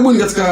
ni katika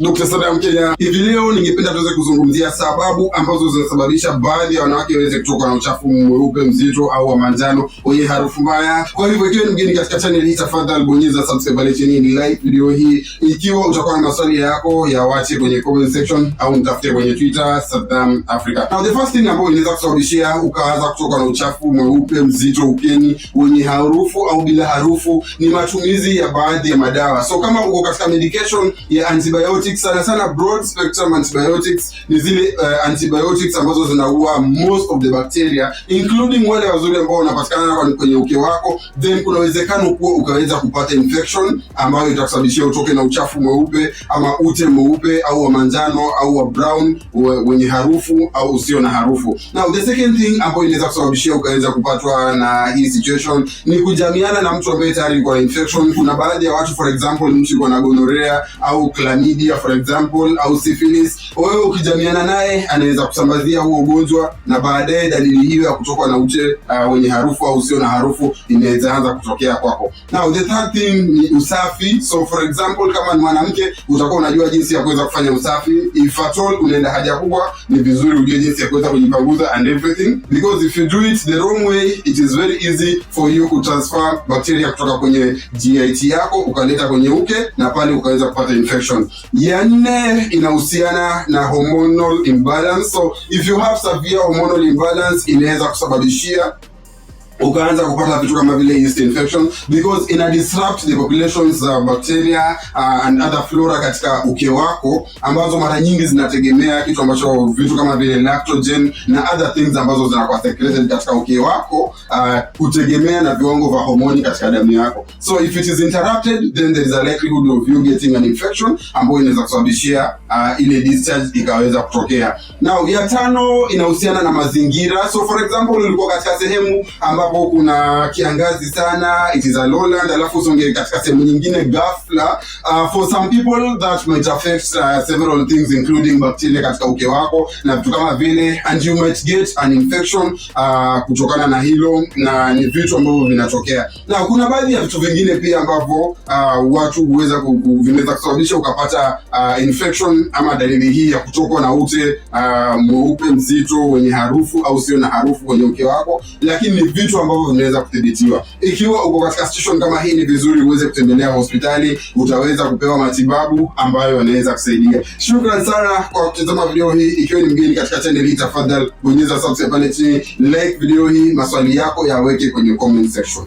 Dr. Saddam Kenya. Hivi leo ningependa tuweze kuzungumzia sababu ambazo zinasababisha baadhi ya wanawake waweze kutoka na uchafu mweupe mzito au wa manjano wenye harufu mbaya. Kwa hivyo ikiwa ni mgeni katika channel hii, tafadhali bonyeza subscribe pale chini ni like video hii. Ikiwa utakuwa na maswali yako ya wache kwenye comment section au nitafute kwenye Twitter Saddam Africa. Now the first thing ambayo inaweza kusababishia ukaanza kutoka na uchafu mweupe mzito ukeni wenye harufu au bila harufu ni matumizi ya baadhi ya madawa. So kama uko katika medication spectrum ya antibiotics. Sana sana broad spectrum antibiotics ni zile uh, antibiotics ambazo zinaua most of the bacteria including wale wazuri ambao wanapatikana kwenye uke wako, then kuna uwezekano kuwa ukaweza kupata infection ambayo itakusababishia utoke na uchafu mweupe ama ute mweupe au wa manjano au wa brown wenye harufu au usio na harufu. Now the second thing ambayo inaweza kusababishia ukaweza kupatwa na hii situation ni kujamiana na mtu ambaye tayari kwa infection. Kuna baadhi ya watu for example, mtu kwa na gonorrhea au chlamydia for example au syphilis. Wewe ukijamiana naye anaweza kusambazia huo ugonjwa, na baadaye dalili hiyo ya kutokwa na uche uh, wenye harufu au usio na harufu inaweza anza kutokea kwako. Now the third thing ni usafi. So for example, kama ni mwanamke utakuwa unajua jinsi ya kuweza kufanya usafi. If at all unaenda haja kubwa, ni vizuri ujue jinsi ya kuweza kujipanguza and everything because if you do it the wrong way it is very easy for you kutransfer bacteria kutoka kwenye GIT yako ukaleta kwenye uke na pale ukaweza kupata infection. Ya nne inahusiana na hormonal imbalance. So if you have severe hormonal imbalance inaweza kusababishia ukaanza kupata vitu kama vile yeast infection because ina disrupt the populations of bacteria uh, and other flora katika uke wako ambazo mara nyingi zinategemea kitu ambacho vitu kama vile lactogen na other things ambazo zinakuwa secreted katika uke wako uh, kutegemea na viwango vya homoni katika damu yako. So if it is interrupted then there is a likelihood of you getting an infection ambayo inaweza kusababishia uh, ile discharge ikaweza kutokea. Now ya tano inahusiana na mazingira. So for example ulikuwa katika sehemu ambayo ambapo kuna kiangazi sana, it is a lowland, alafu usonge katika sehemu nyingine ghafla. Uh, for some people that might affect uh, several things including bacteria katika uke wako na vitu kama vile, and you might get an infection uh, kutokana na hilo, na ni vitu ambavyo vinatokea, na kuna baadhi ya vitu vingine pia ambavyo uh, watu huweza vinaweza kusababisha ukapata uh, infection ama dalili hii ya kutokwa na ute uh, mweupe mzito wenye harufu au sio na harufu kwenye uke wako, lakini ni vitu vitu ambavyo vinaweza kudhibitiwa. Ikiwa uko katika situation kama hii, ni vizuri uweze kutembelea hospitali, utaweza kupewa matibabu ambayo yanaweza kusaidia. shukran sana kwa kutazama video hii. Ikiwa ni mgeni katika channel hii, tafadhali bonyeza subscribe pale chini, like video hii, maswali yako yaweke kwenye comment section.